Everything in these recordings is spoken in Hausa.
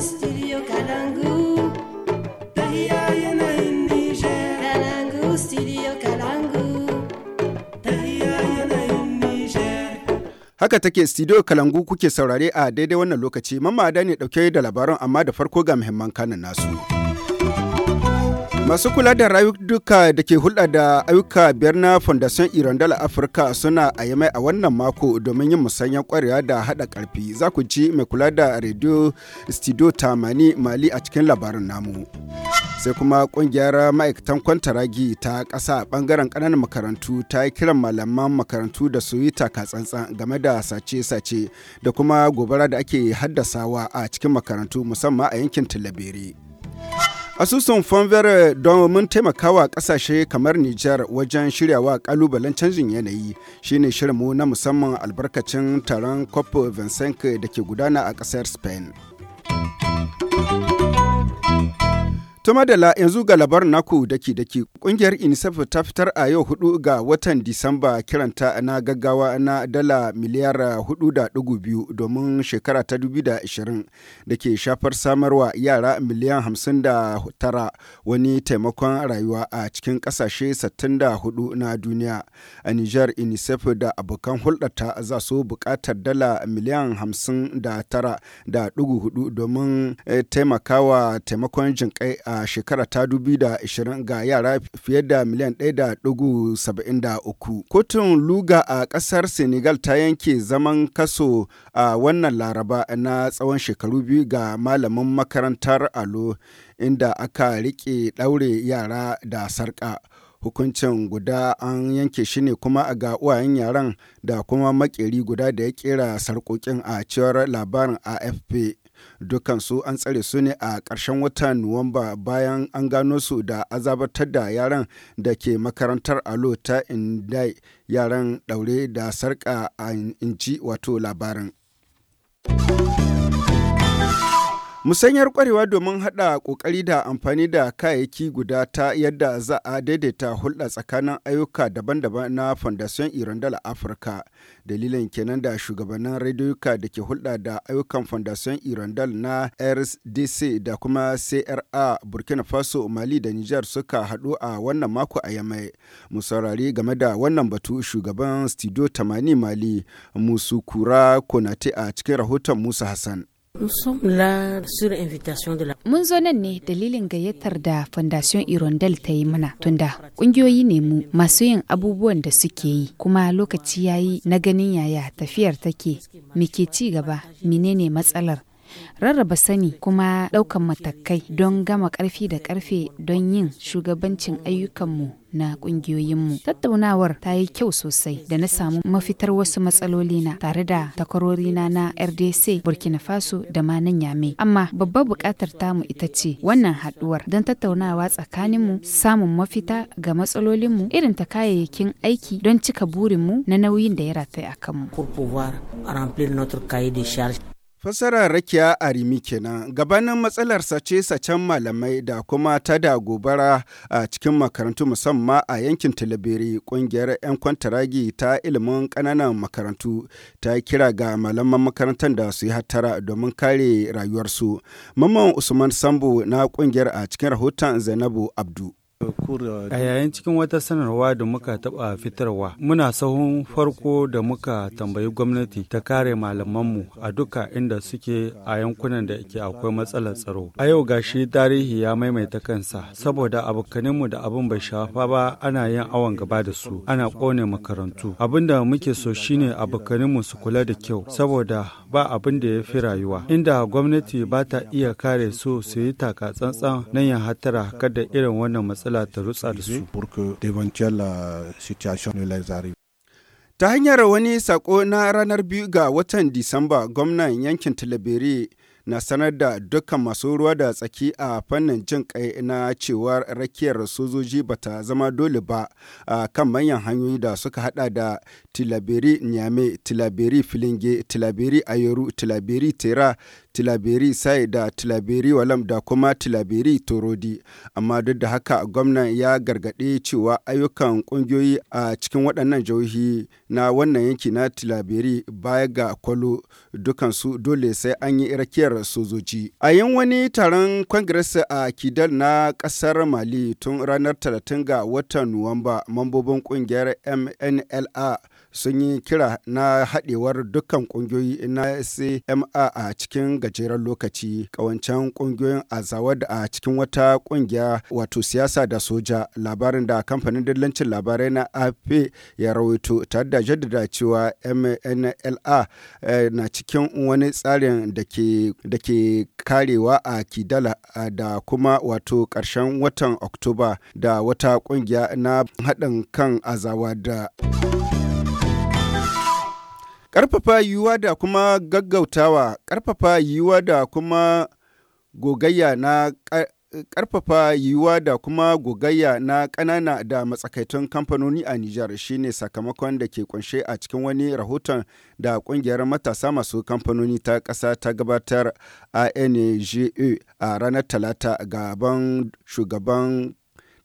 studio yanayin haka take studio kalangu kuke saurare a daidai wannan lokaci mamma da ne dauke da labaran amma da farko ga muhimman kanan nasu Masu kula da rayuka da ke hulɗa da ayyuka biyar na Fondation Irondala Afirka suna a yamai a wannan mako domin yin musanyen kwarewa da haɗa ƙarfi. Za ku ji mai kula da Radio Studio Tamani Mali a cikin labarin namu. sai kuma ƙungiyar ma'aikatan kwantaragi ta ƙasa bangaren ƙananan makarantu ta yi kiran malaman makarantu da su yi tsantsan game da sace-sace da kuma gobara da ake haddasawa a cikin makarantu musamman a yankin tilabere. Asusun mun domin taimakawa kasashe kamar Nijar wajen shiryawa kalubalen canjin yanayi shine shirinmu na musamman albarkacin taron COP25 da ke gudana a kasar Spain. To madala yanzu ga labar naku daki daki kungiyar UNICEF ta fitar a yau hudu ga watan Disamba kiranta na gaggawa na dala miliyar hudu da dugu biyu domin shekara ta dubi da ashirin da ke shafar samarwa yara miliyan hamsin da tara wani taimakon rayuwa a cikin kasashe sittin da hudu na duniya. A Nijar UNICEF da abokan hulɗata za su buƙatar dala miliyan hamsin da tara da dugu hudu domin eh, taimakawa taimakon jinƙai a shekara ta ashirin ga yara fiye da miliyan uku. Kotun Luga a ƙasar Senegal ta yanke zaman kaso a wannan laraba na tsawon shekaru biyu ga malamin makarantar Alo inda aka rike ɗaure yara da sarƙa. hukuncin guda an yanke shi ne kuma ga uwayen yaran da kuma makeri guda da ya kera sarkokin a cewar labarin afp dukansu an tsare su ne a ƙarshen watan nuwamba bayan an gano su da azabatar da yaran da ke makarantar alo ta indai yaran ɗaure da sarƙa a inci wato labarin. Musanyar kwarewa domin hada kokari da amfani da kayayyaki guda ta yadda za a daidaita hulɗa tsakanin ayyuka daban-daban na Fondation a Afirka. Dalilin kenan da shugabannin rediyoyuka da ke hulɗa da ayyukan Fondation Irondal na RDC da kuma CRA Burkina Faso, Mali da niger suka haɗu a wannan mako a Yamai. Mu saurari game da wannan batu shugaban Studio 80 Mali musu kura Konate a cikin rahoton Musa Hassan. Mun zo nan ne dalilin gayyatar da Fondation Irondel ta yi mana tunda ƙungiyoyi ne mu masu yin abubuwan da suke yi kuma lokaci yayi na ganin yaya tafiyar take, me ke ci gaba, menene matsalar, rarraba sani kuma ɗaukan matakai don gama ƙarfi da ƙarfe don yin shugabancin ayyukanmu na ƙungiyoyinmu. Tattaunawar ta yi kyau sosai da na samu mafitar wasu matsaloli na tare da takwarorina na RDC Burkina Faso da ma nan Yame. Amma babba buƙatar tamu ita ce wannan haɗuwar don tattaunawa tsakaninmu samun mafita ga matsalolinmu irin ta kayayyakin aiki don cika burinmu na nauyin da ya ratayi a kanmu. Fasarar Rakiya Arimi kenan gabanin matsalar sace-sacen malamai da kuma ta da gobara a cikin makarantu musamman a yankin Talabere kungiyar 'yan kwantaragi ta ilimin ƙananan makarantu ta kira ga malaman makarantar da su yi hattara domin kare rayuwarsu. Mamman Usman Sambo na kungiyar a cikin rahoton Zainabu Abdu. A yayin cikin wata sanarwa da muka taɓa fitarwa, muna sahun farko da muka tambayi gwamnati ta kare malamanmu a duka inda suke a yankunan da ke akwai matsalar tsaro. A yau gashi tarihi ya maimaita kansa, saboda abokaninmu da abin bai shafa ba ana yin awon gaba da su, ana ƙone makarantu. Abin da muke so shine abokaninmu su kula da kyau, saboda ba abin da ya fi rayuwa. Inda gwamnati ba ta iya kare su su yi taka tsantsan nan ya hatara kada irin wannan matsala matsala ta su. Uh, ta hanyar wani sako na ranar biyu ga watan Disamba gwamnan yankin Talabere na sanar da dukkan masu ruwa da tsaki a fannin jin kai na cewar rakiyar sojoji bata zama dole ba a kan manyan hanyoyi da suka hada da tilabiri niame tilabiri filinge tilabiri ayoru tilabiri tera tilaberi sai da tilaberi walam da kuma tilaberi torodi amma duk da haka gwamnan ya gargaɗe cewa ayyukan ƙungiyoyi a cikin waɗannan jihohi na wannan yanki na tilaberi baya ga kwalo dukansu dole sai an yi rakiyar sojoji a yin wani taron congress a kidal na ƙasar mali tun ranar 30 ga watan nuwamba mambobin ƙungiyar mnla sun yi kira na haɗewar dukkan ƙungiyoyi na CMA a cikin gajeren lokaci. Ƙawancen ƙungiyoyin Azawad a cikin wata ƙungiya wato siyasa da soja labarin da kamfanin dillancin labarai na AP ya rawaito tare da jaddada cewa MNLA eh, na cikin wani tsarin da ke karewa a Kidala eh, da kuma wato ƙarshen watan Oktoba da wata ƙungiya na haɗin kan azawa da. Ƙarfafa yiwuwa da kuma gaggautawa, ƙarfafa yiwuwa da kuma gogayya na ƙarfafa yiwuwa da kuma gogayya na ƙanana da matsakaitun kamfanoni a Nijar shine sakamakon da ke kunshe a cikin wani rahoton da ƙungiyar matasa masu kamfanoni ta ƙasa ta gabatar a e a ranar Talata gaban shugaban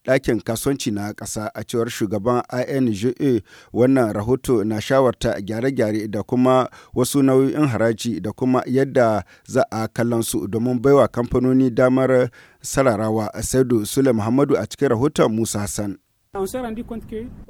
dakin kasuwanci na ƙasa a cewar shugaban INJA wannan rahoto na shawarta gyare-gyare da kuma wasu nau'in haraji da kuma yadda za a kallon su domin baiwa kamfanoni damar sararawa Saidu Sule Muhammadu a cikin rahoton Musa Hassan.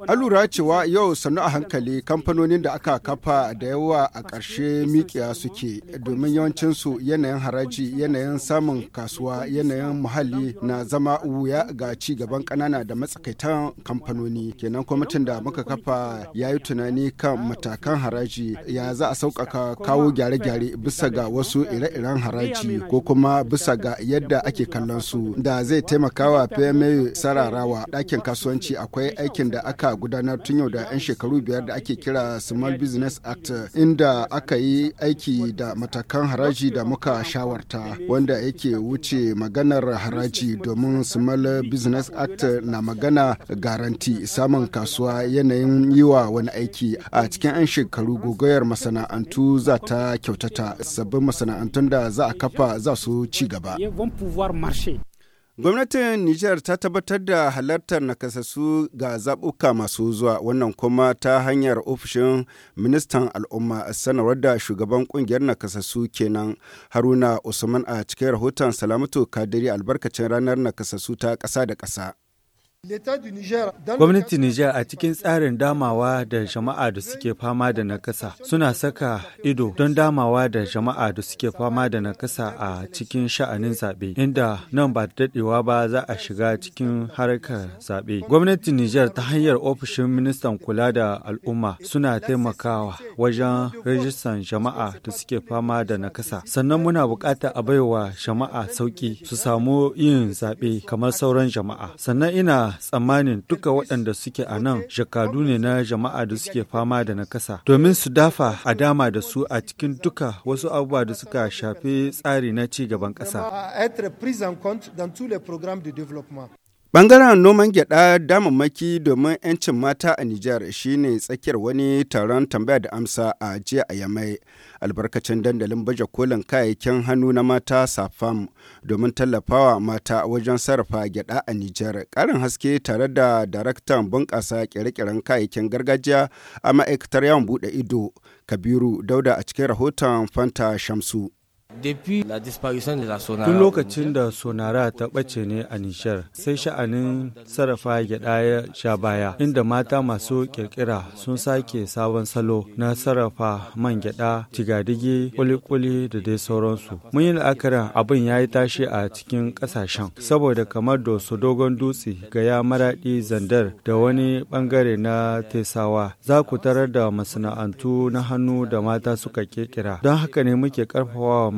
An lura cewa yau sannu a hankali kamfanonin da aka kafa da yawa a ƙarshe mikiya suke domin yawancinsu yanayin haraji yanayin samun kasuwa yanayin muhalli na zama wuya ga ci gaban ƙanana da matsakaitan kamfanoni kenan kwamitin da muka kafa ya yi tunani kan matakan haraji ya za a sauƙaƙa kawo gyare-gyare bisa ga wasu ire-iren haraji ko kuma bisa ga yadda ake kallon su da zai taimakawa pma sararawa ɗakin kasuwanci akwai aikin da aka gudanar tun yau da 'yan shekaru biyar da ake kira Small Business Act inda aka yi aiki da matakan haraji da muka shawarta wanda yake wuce maganar haraji domin Small Business Act na magana garanti samun kasuwa yanayin yi wa wani aiki a cikin 'yan shekaru gogoyar masana'antu za ta kyautata sabbin masana'antun da za a kafa za su ci gaba. Gwamnatin Nijar ta tabbatar da halartar nakasassu ga zaɓuka masu zuwa wannan kuma ta hanyar ofishin ministan al'umma a sanarwar da shugaban kungiyar nakasassu kenan Haruna Usman a cikin rahoton Salamatu Kadiri albarkacin ranar nakasassu ta ƙasa da ƙasa. Gwamnatin Nijar a cikin tsarin damawa da jama'a da suke fama da nakasa suna saka ido don damawa da jama'a da suke fama da nakasa a cikin sha'anin zaɓe, inda nan ba daɗewa ba za a shiga cikin harkar zaɓe. Gwamnatin Nijar ta hanyar ofishin ministan kula da al'umma suna taimakawa wajen rajistan jama'a da suke fama da nakasa. Sannan muna buƙatar a baiwa jama'a sauƙi su samu yin zaɓe kamar sauran jama'a. Sannan ina tsammanin duka waɗanda suke a nan jakadu ne na jama'a da suke fama da nakasa domin su dafa a dama da su a cikin duka wasu abubuwa da suka shafi tsari na ci gaban ƙasa. Bangaren noman gyaɗa damammaki domin 'yancin mata a Nijar shi ne tsakiyar wani taron tambaya da amsa a jiya a Yamai albarkacin dandalin baje kolin kayayyakin hannu na mata Safam domin tallafawa mata wajen sarrafa gyada a Nijar. karin haske tare da daraktan bunƙasa ƙere-ƙeren kayayyakin gargajiya a ma'aikatar yawon buɗe ido Kabiru Dauda a cikin rahoton Fanta Shamsu. Tun lokacin da sonara ta ɓace ne a Nishar, sai sha'anin sarrafa gyaɗa ya sha baya, inda mata masu ƙirƙira sun sake sabon salo na sarrafa man gyaɗa, tigadige, ƙuliƙuli da dai sauransu. Mun yi la'akarin abin ya yi tashi a cikin ƙasashen, saboda kamar da su dogon dutse ga ya maraɗi zandar da wani ɓangare na tesawa, za ku tarar da masana'antu na hannu da mata suka ƙirƙira. Don haka ne muke ƙarfafawa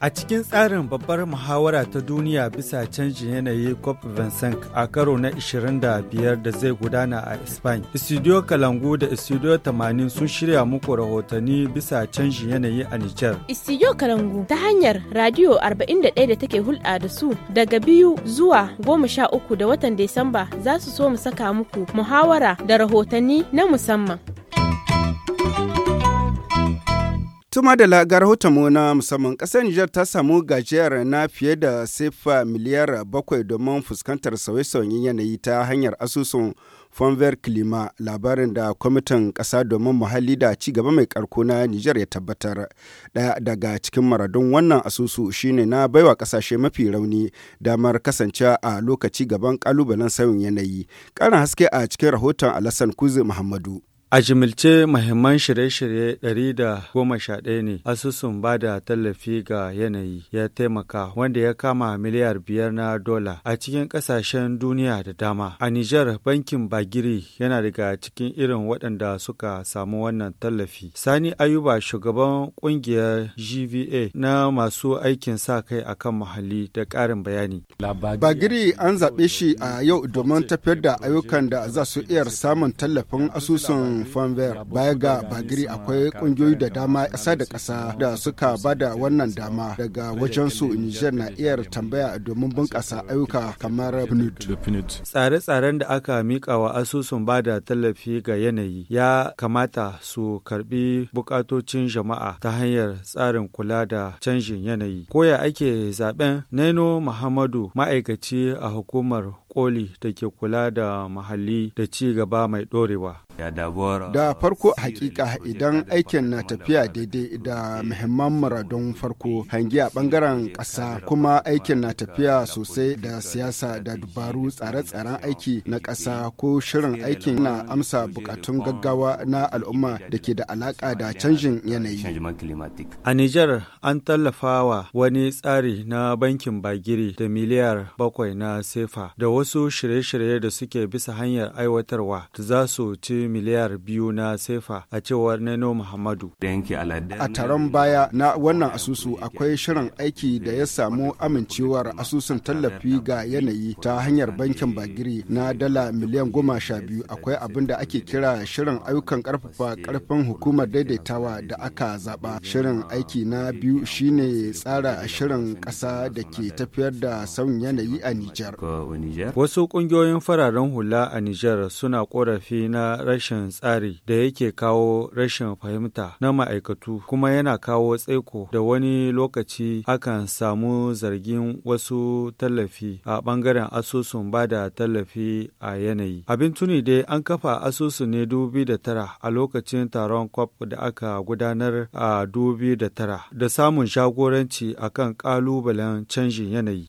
A cikin tsarin babbar muhawara ta duniya bisa canjin yanayi COP25 a karo na 25 da zai gudana a Spain. Studio Kalangu da Studio 80 sun shirya muku rahotanni bisa canjin yanayi a Nijar. Studio Kalangu ta hanyar radio 41 da take hulɗa da su daga biyu zuwa goma sha uku da watan Desamba za su so mu saka muku muhawara da rahotanni na musamman. Tuma da lagar mu na musamman ƙasar Nijar ta samu gajiyar na fiye da sefa miliyar bakwai domin fuskantar sauye-sauyen yanayi ta hanyar asusun Fonver Klima labarin da kwamitin kasa domin muhalli da ci gaba mai karko na Nijar ya tabbatar. Ɗaya daga cikin maradun wannan asusu shine na baiwa ƙasashe mafi rauni damar kasance a lokaci gaban kalubalen sauyin yanayi. Ƙarin haske a cikin rahoton Alassan Kuzi Muhammadu. A jimilce mahimman shirye-shirye 111 ne asusun ba da tallafi ga yanayi ya taimaka wanda ya kama miliyar biyar na dola a cikin kasashen duniya da dama. A Nijar bankin Bagiri yana daga cikin irin waɗanda suka samu wannan tallafi. Sani Ayuba shugaban ƙungiyar GVA na masu aikin sa kai akan mahalli da ƙarin bayani. Bagiri an zaɓe shi a yau domin tafiyar da ayyukan da za su iya samun tallafin asusun fanver baya ga bagiri akwai kungiyoyi da dama ƙasa da ƙasa da suka bada wannan dama daga wajen su niger na iya tambaya domin bunƙasa ayyuka kamar pnud tsare-tsaren da aka mika wa asusun bada tallafi ga yanayi ya kamata su karbi bukatocin jama'a ta hanyar tsarin kula da canjin yanayi koya ake zaben naino muhammadu ma'aikaci a hukumar koli da ke kula da muhalli da ci gaba mai dorewa Da farko hakika idan aikin na tafiya daidai da muhimman muradun farko hangi a bangaren kasa kuma aikin na tafiya sosai da siyasa da dubaru tsare-tsaren aiki na kasa ko shirin aikin na amsa bukatun gaggawa na al'umma da ke da alaƙa da canjin yanayi. A niger an tallafa wa wani tsari na bankin bagiri da miliyar bakwai na sefa da wasu shirye-shirye da suke bisa hanyar aiwatarwa za su ci miliyar biyu na sefa a cewar nano Muhammadu. A taron baya na wannan asusu akwai shirin aiki da ya samu amincewar asusun tallafi ga yanayi ta hanyar bankin bagiri na dala miliyan goma sha biyu akwai abin da ake kira shirin ayyukan karfafa karfin hukumar daidaitawa da aka zaba. Shirin aiki na biyu shine tsara shirin ƙasa da ke tafiyar da sauyin yanayi a Nijar. Wasu ƙungiyoyin fararen hula a Nijar suna korafi na rashin rashin tsari da yake kawo rashin fahimta na ma'aikatu kuma yana kawo tsaiko da wani lokaci akan samu zargin wasu tallafi a ɓangaren asusun ba da tallafi a yanayi. Abin tuni dai an kafa asusu ne dubi da tara a lokacin taron COP da aka gudanar a dubi da tara da samun jagoranci akan ƙalubalen canjin yanayi.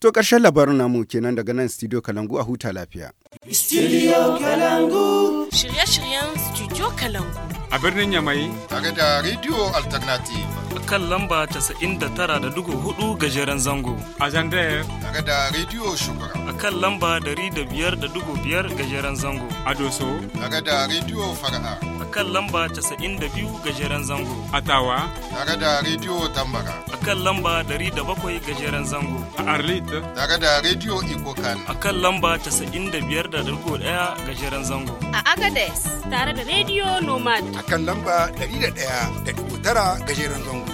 To ƙarshen labarin namu kenan daga nan studio Kalangu a huta lafiya. Studio Kalangu. Shirye-shiryen Studio Kalangu. A birnin Yamai. Tare da Radio Alternative. A kan lamba tara da dugu hudu gajeren zango. A Zandaya. Tare da Radio Shugura. A kan lamba dari da da dugu biyar gajeren zango. A Doso. Tare da Radio Fara'a. a kan lamba 92 gajeren zango. a Atawa. Tare da Radio Tambara. A kan lamba 107 gajeren zango. A Arlit. Tare da Radio Ikokan. A kan lamba 95.1 gajeren zango. A Agades. Tare da Radio Nomad. A kan lamba 101.9 gajeren zango.